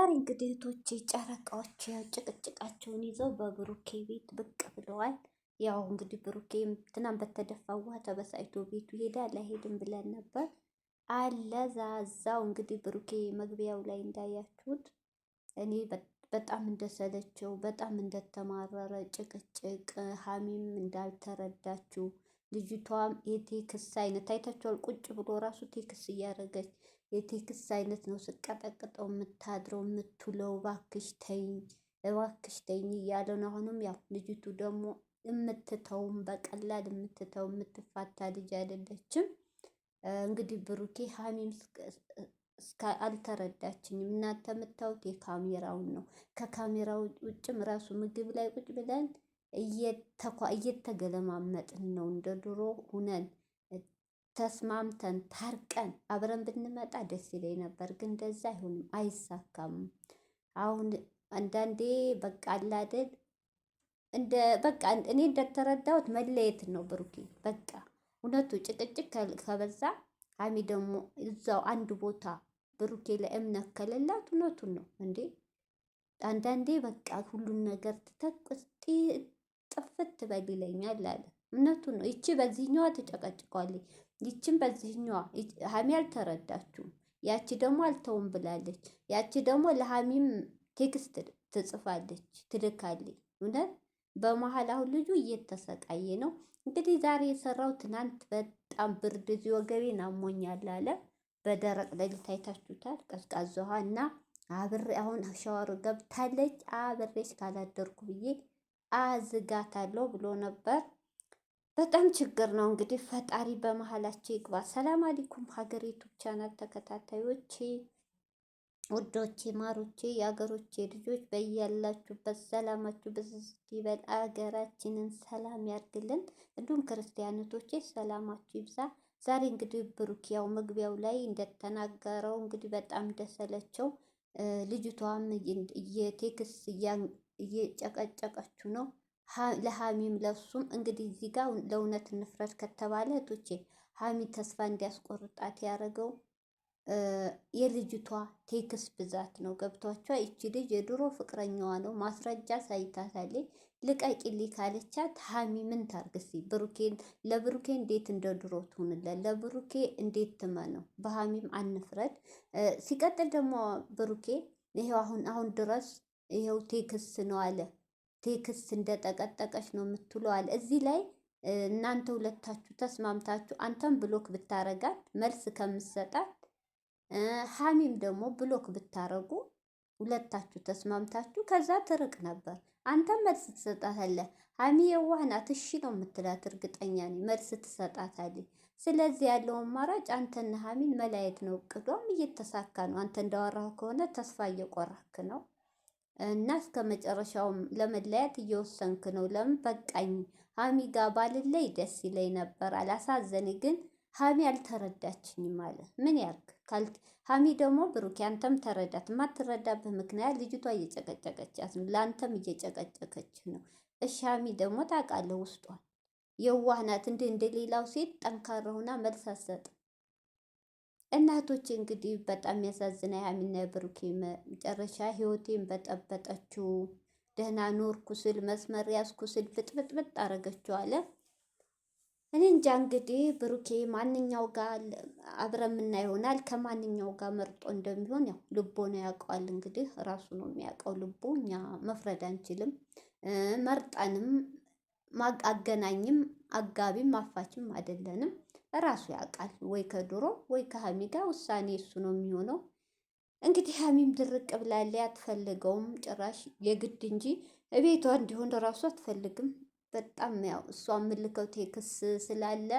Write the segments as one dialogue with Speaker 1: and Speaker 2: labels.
Speaker 1: ዛሬ እንግዲህ እህቶች ጨረቃዎች ያው ጭቅጭቃቸውን ይዘው በብሩኬ ቤት ብቅ ብለዋል። ያው እንግዲህ ብሩኬ ትናንት በተደፋ ውሃ ተበሳይቶ ቤቱ ይሄዳል አይሄድም ብለን ነበር አለ ዛዛው እንግዲህ ብሩኬ መግቢያው ላይ እንዳያችሁት እኔ በጣም እንደሰለቸው በጣም እንደተማረረ ጭቅጭቅ ሀሚም እንዳልተረዳችው ልጅቷም የቴክስ አይነት አይታችኋል። ቁጭ ብሎ ራሱ ቴክስ እያደረገች የቴክስት አይነት ነው ስቀጠቅጠው የምታድረው የምትውለው። እባክሽ ተይኝ፣ እባክሽ ተይኝ እያለ ነው። አሁንም ያው ልጅቱ ደግሞ የምትተውም በቀላል የምትተው የምትፋታ ልጅ አይደለችም። እንግዲህ ብሩኬ ሀሚም አልተረዳችኝም። እናንተ የምታዩት የካሜራውን ነው። ከካሜራው ውጭም ራሱ ምግብ ላይ ቁጭ ብለን እየተገለማመጥን ነው እንደ ድሮ ሁነን ተስማምተን ታርቀን አብረን ብንመጣ ደስ ይለኝ ነበር፣ ግን እንደዛ አይሆንም፣ አይሳካም። አሁን አንዳንዴ በቃ አለ እንደ በቃ እኔ እንደተረዳሁት መለየት ነው ብሩኬ። በቃ እውነቱ ጭቅጭቅ ከበዛ ሀሚ ደግሞ እዛው አንድ ቦታ ብሩኬ ለእምነት ከሌላት እውነቱን ነው እንዴ። አንዳንዴ በቃ ሁሉን ነገር ትተቅ ጥፍት በል ይለኛል አለ እውነቱን ነው። ይቺ በዚህኛዋ ተጨቀጭቋለች፣ ይቺም በዚህኛዋ ሀሚ አልተረዳችሁም። ያቺ ደግሞ አልተውም ብላለች። ያቺ ደግሞ ለሀሚም ቴክስት ትጽፋለች፣ ትልካለች። እውነት በመሀል አሁን ልጁ እየተሰቃየ ነው። እንግዲህ ዛሬ የሰራው ትናንት በጣም ብርድ እዚህ ወገቤን አሞኛል አለ። በደረቅ ሌሊት አይታችሁታል። ቀዝቃዛ ውሃ እና አብሬ አሁን ሻወር ገብታለች አብሬሽ ካላደርኩ ብዬ አዝጋታለሁ ብሎ ነበር። በጣም ችግር ነው እንግዲህ ፈጣሪ በመሀላቸው ይግባ። ሰላም አለይኩም ሀገሪቱ ቻናል ተከታታዮቼ፣ ውዶቼ፣ ማሮቼ፣ የሀገሮቼ ልጆች በያላችሁበት ሰላማችሁ በዚህ ይበል። ሰላም ያርግልን እንዲሁም ክርስቲያኖቶቼ ሰላማችሁ ይብዛ። ዛሬ እንግዲህ ብሩክ ያው መግቢያው ላይ እንደተናገረው እንግዲህ በጣም ደሰለቸው። ልጅቷም የቴክስ እየጨቀጨቀችው ነው ለሀሚም ለሱም እንግዲህ እዚህ ጋር ለእውነት እንፍረድ ከተባለ እህቶቼ ሀሚ ተስፋ እንዲያስቆርጣት ያደረገው የልጅቷ ቴክስ ብዛት ነው። ገብቷቿ ይቺ ልጅ የድሮ ፍቅረኛዋ ነው፣ ማስረጃ ሳይታታለች። ልቀቂልኝ ካለቻት ሀሚ ምን ታርግሲ? ብሩኬን ለብሩኬ እንዴት እንደ ድሮ ትሁንለት? ለብሩኬ እንዴት ትመነው? በሀሚም አንፍረድ። ሲቀጥል ደግሞ ብሩኬ ይሄው አሁን አሁን ድረስ ይሄው ቴክስ ነው አለ ቴክስት እንደጠቀጠቀች ነው የምትለዋል። እዚህ ላይ እናንተ ሁለታችሁ ተስማምታችሁ አንተም ብሎክ ብታረጋት መልስ ከምሰጣት ሀሚም ደግሞ ብሎክ ብታረጉ ሁለታችሁ ተስማምታችሁ ከዛ ትርቅ ነበር። አንተም መልስ ትሰጣታለህ። ሀሚ የዋህ ናት፣ እሺ ነው የምትላት። እርግጠኛ ነኝ መልስ ትሰጣታለች። ስለዚህ ያለው አማራጭ አንተና ሀሚን መለያየት ነው። እቅዷም እየተሳካ ነው። አንተ እንዳወራህ ከሆነ ተስፋ እየቆራክ ነው። እና እስከ መጨረሻውም ለመለያት እየወሰንክ ነው። ለምን በቃኝ ሀሚ ጋ ባልለይ ደስ ይለኝ ነበር አላሳዘን ግን ሀሚ አልተረዳችኝም አለ። ምን ያርግ ሀሚ ደግሞ ብሩኬ፣ አንተም ተረዳት። የማትረዳብህ ምክንያት ልጅቷ እየጨቀጨቀቻት ነው፣ ለአንተም እየጨቀጨቀች ነው። እሺ ሀሚ ደግሞ ታውቃለህ ውስጧል የዋህ ናት። እንደ እንደሌላው ሴት ጠንካራ ሆና መልስ አትሰጥም። እናቶች እንግዲህ በጣም ያሳዝና ያሚና ብሩኬ መጨረሻ ህይወቴን በጠበጠችው። ደህና ኖር ኩስል መስመር ያዝኩ ኩስል ብጥብጥብጥ አረገችው አለ። እኔ እንጃ እንግዲህ ብሩኬ ማንኛው ጋር አብረምና ይሆናል ከማንኛው ጋር መርጦ እንደሚሆን ያው ልቦ ነው ያውቀዋል። እንግዲህ ራሱ ነው የሚያውቀው ልቦ። እኛ መፍረድ አንችልም። መርጠንም አገናኝም አጋቢም አፋችም አይደለንም። እራሱ ያውቃል። ወይ ከድሮ ወይ ከሀሚ ጋር ውሳኔ እሱ ነው የሚሆነው። እንግዲህ ሀሚም ድርቅ ብላለ አትፈልገውም ጭራሽ የግድ እንጂ እቤቷ እንዲሆን ራሱ አትፈልግም። በጣም ያው እሷ የምልከው ቴክስ ስላለ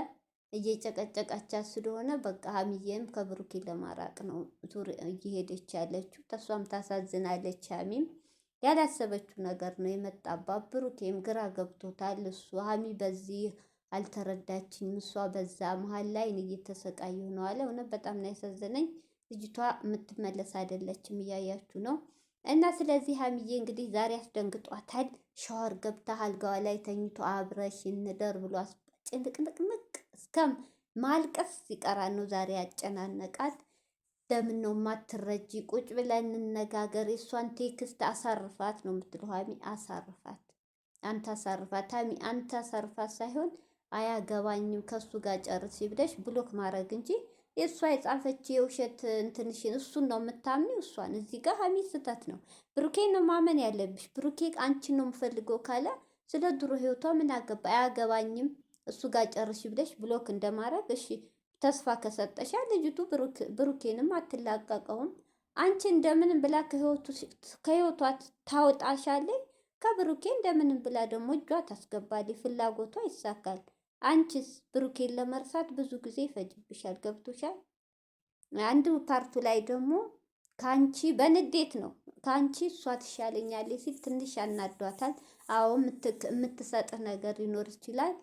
Speaker 1: እየጨቀጨቃቻ ስለሆነ በቃ ሀሚዬም ከብሩኬ ለማራቅ ነው ዙር እየሄደች ያለችው። ተሷም ታሳዝናለች። ሀሚም ያላሰበችው ነገር ነው የመጣባት። ብሩኬም ግራ ገብቶታል። እሱ ሀሚ በዚህ አልተረዳችኝም። እሷ በዛ መሀል ላይ እኔ እየተሰቃየሁ ነው አለ። እውነት በጣም ነው ያሳዘነኝ። ልጅቷ የምትመለስ አይደለችም፣ እያያችሁ ነው። እና ስለዚህ ሀሚዬ እንግዲህ ዛሬ አስደንግጧታል። ሻወር ገብታ አልጋዋ ላይ ተኝቶ አብረሽ እንደር ብሎ ጭንቅንቅንቅ እስከም ማልቀስ ሲቀራ ነው ዛሬ ያጨናነቃት። ለምን ነው ማትረጂ? ቁጭ ብለን እንነጋገር። እሷን ቴክስት አሳርፋት ነው የምትለው ሀሚ። አሳርፋት አንተ አሳርፋት ሀሚ አንተ አሳርፋት ሳይሆን አያገባኝም ከሱ ጋር ጨርሲ ብለሽ ብሎክ ማድረግ እንጂ የእሷ የጻፈች የውሸት እንትንሽን እሱን ነው የምታምኒ። እሷን እዚህ ጋር ሀሜት ስህተት ነው። ብሩኬ ነው ማመን ያለብሽ። ብሩኬ አንቺን ነው የምፈልገው ካለ ስለ ድሮ ህይወቷ ምን አገባ? አያገባኝም እሱ ጋር ጨርሽ ብለሽ ብሎክ እንደማድረግ እሺ፣ ተስፋ ከሰጠሻ ልጅቱ ብሩኬንም አትላቀቀውም። አንቺ እንደምንም ብላ ከህይወቷ ታወጣሻለኝ። ከብሩኬ እንደምንም ብላ ደግሞ እጇ ታስገባል። ፍላጎቷ ይሳካል። አንቺስ ብሩኬን ለመርሳት ብዙ ጊዜ ይፈጅብሻል። ገብቶሻል። አንድ ፓርቱ ላይ ደግሞ ከአንቺ በንዴት ነው ከአንቺ እሷ ትሻለኛል ሲል ትንሽ ያናዷታል። አዎ የምትሰጥ ነገር ሊኖር ይችላል።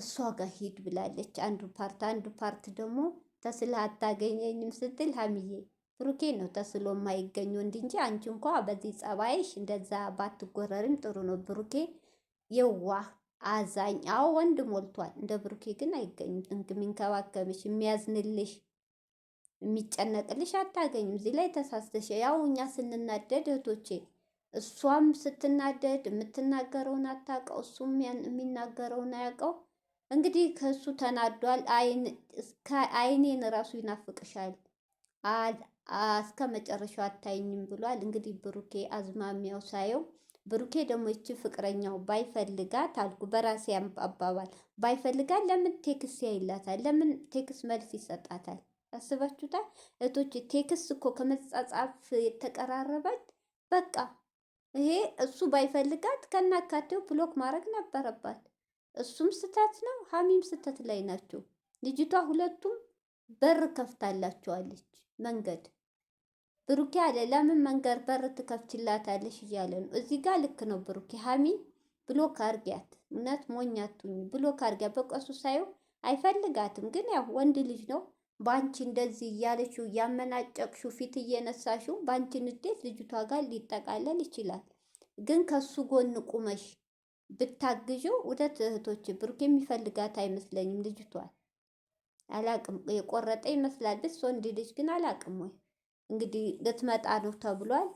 Speaker 1: እሷ ጋር ሂድ ብላለች። አንዱ ፓርት አንዱ ፓርት ደግሞ ተስለ አታገኘኝም ስትል ሀሚዬ ብሩኬ ነው ተስሎ የማይገኝ ወንድ እንጂ አንቺ እንኳ በዚህ ጸባይሽ እንደዛ ባትጎረርም ጥሩ ነው። ብሩኬ የዋህ አዛኝ አዎ ወንድ ሞልቷል። እንደ ብሩኬ ግን አይገኝም። የሚንከባከብሽ የሚያዝንልሽ የሚጨነቅልሽ አታገኝም። እዚህ ላይ ተሳስተሽ ያው እኛ ስንናደድ እህቶቼ፣ እሷም ስትናደድ የምትናገረውን አታውቀው፣ እሱም የሚናገረውን አያውቀው። እንግዲህ ከእሱ ተናዷል። አይኔን ራሱ ይናፍቅሻል፣ እስከ መጨረሻው አታይኝም ብሏል። እንግዲህ ብሩኬ አዝማሚያው ሳየው ብሩኬ ደግሞ ይቺ ፍቅረኛው ባይፈልጋት አልኩ በራሴ አባባል ባይፈልጋት ለምን ቴክስ ያይላታል? ለምን ቴክስ መልስ ይሰጣታል? አስባችሁታል? እቶች ቴክስ እኮ ከመጻጻፍ የተቀራረበች በቃ ይሄ እሱ ባይፈልጋት ከናካቴው ብሎክ ማድረግ ነበረባት። እሱም ስተት ነው፣ ሀሚም ስተት ላይ ናቸው። ልጅቷ ሁለቱም በር ከፍታላቸዋለች መንገድ ብሩኬ አለ ለምን መንገድ በር ትከፍችላታለሽ እያለ ነው። እዚህ ጋር ልክ ነው ብሩኬ። ሀሚ ብሎክ አርጊያት፣ እውነት ሞኛቱኝ ብሎክ አርጊያት። በቀሱ ሳይው አይፈልጋትም፣ ግን ያው ወንድ ልጅ ነው። በአንቺ እንደዚህ እያለችው እያመናጨቅሽው ፊት እየነሳሽው በአንቺ ንዴት ልጅቷ ጋር ሊጠቃለል ይችላል። ግን ከሱ ጎን ቁመሽ ብታግዥው ውደት እህቶች ብሩኬ የሚፈልጋት አይመስለኝም። ልጅቷል አላቅም የቆረጠ ይመስላል። ብስ ወንድ ልጅ ግን አላቅም ወይ እንግዲህ ልትመጣ ነው ተብሏል።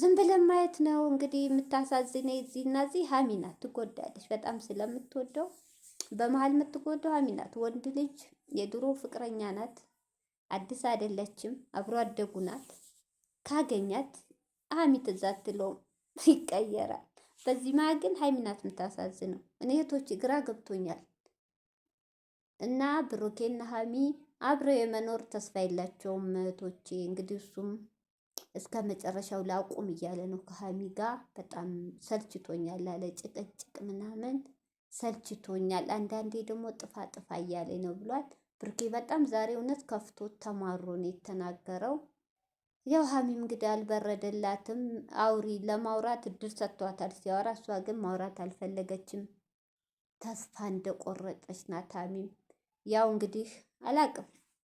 Speaker 1: ዝም ብለን ማየት ነው እንግዲህ። የምታሳዝነ እዚህ እና እዚህ ሀሚ ናት፣ ትጎዳለች። በጣም ስለምትወደው በመሀል የምትጎዳው ሀሚ ናት። ወንድ ልጅ የድሮ ፍቅረኛ ናት፣ አዲስ አይደለችም፣ አብሮ አደጉ ናት። ካገኛት ሀሚ ትዝ ይቀየራል። በዚህ መሀል ግን ሀይሚናት የምታሳዝነው። እኔ እህቶች ግራ ገብቶኛል እና ብሩኬና ሀሚ አብረው የመኖር ተስፋ የላቸውም እህቶቼ። እንግዲህ እሱም እስከ መጨረሻው ላቁም እያለ ነው ከሀሚ ጋር። በጣም ሰልችቶኛል አለ ጭቅጭቅ ምናምን ሰልችቶኛል። አንዳንዴ ደግሞ ጥፋ ጥፋ እያለ ነው ብሏል። ብርጌ በጣም ዛሬ እውነት ከፍቶ ተማሮ ነው የተናገረው። ያው ሀሚም እንግዲህ አልበረደላትም። አውሪ ለማውራት እድል ሰጥቷታል ሲያወራ፣ እሷ ግን ማውራት አልፈለገችም። ተስፋ እንደቆረጠች ናት ሀሚም ያው እንግዲህ them.